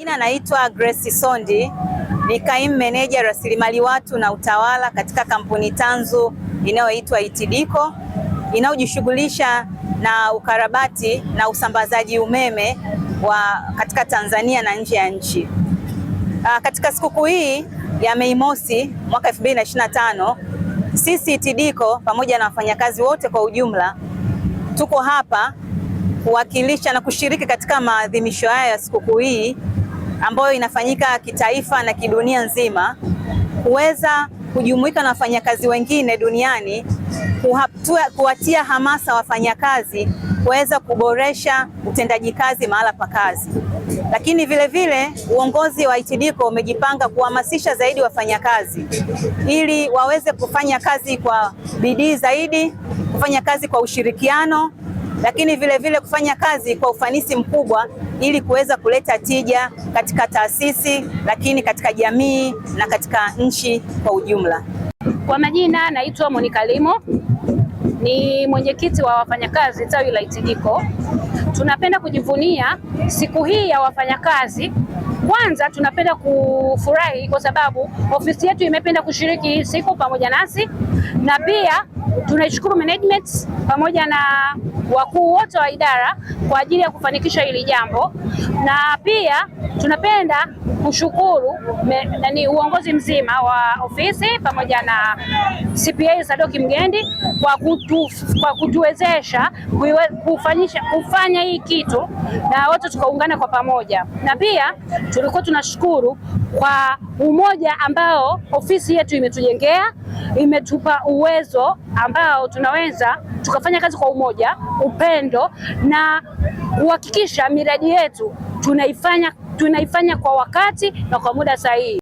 Jina naitwa Grace Sondi ni kaimu meneja rasilimali watu na utawala katika kampuni tanzu inayoitwa Itidiko inayojishughulisha na ukarabati na usambazaji umeme wa katika Tanzania na nje ya nchi. Ah, katika sikukuu hii ya Mei Mosi mwaka 2025 sisi Itidiko pamoja na wafanyakazi wote kwa ujumla tuko hapa kuwakilisha na kushiriki katika maadhimisho haya ya sikukuu hii ambayo inafanyika kitaifa na kidunia nzima, kuweza kujumuika na wafanyakazi wengine duniani kuhatua, kuwatia hamasa wafanyakazi kuweza kuboresha utendaji kazi mahala pa kazi. Lakini vile vile uongozi wa itidiko umejipanga kuhamasisha zaidi wafanyakazi ili waweze kufanya kazi kwa bidii zaidi, kufanya kazi kwa ushirikiano lakini vile vile kufanya kazi kwa ufanisi mkubwa ili kuweza kuleta tija katika taasisi, lakini katika jamii na katika nchi kwa ujumla. Kwa majina naitwa Monica Limo, ni mwenyekiti wa wafanyakazi tawi la Itidiko. Tunapenda kujivunia siku hii ya wafanyakazi. Kwanza tunapenda kufurahi kwa sababu ofisi yetu imependa kushiriki hii siku pamoja nasi na pia Tunaishukuru management pamoja na wakuu wote wa idara kwa ajili ya kufanikisha hili jambo, na pia tunapenda kushukuru nani uongozi mzima wa ofisi pamoja na CPA Sadoki Mgendi kwa kutu, kwa kutuwezesha kufanyisha kufanya hii kitu na wote tukaungana kwa pamoja, na pia tulikuwa tunashukuru kwa umoja ambao ofisi yetu imetujengea imetupa uwezo ambao tunaweza tukafanya kazi kwa umoja, upendo na kuhakikisha miradi yetu tunaifanya tunaifanya kwa wakati na kwa muda sahihi.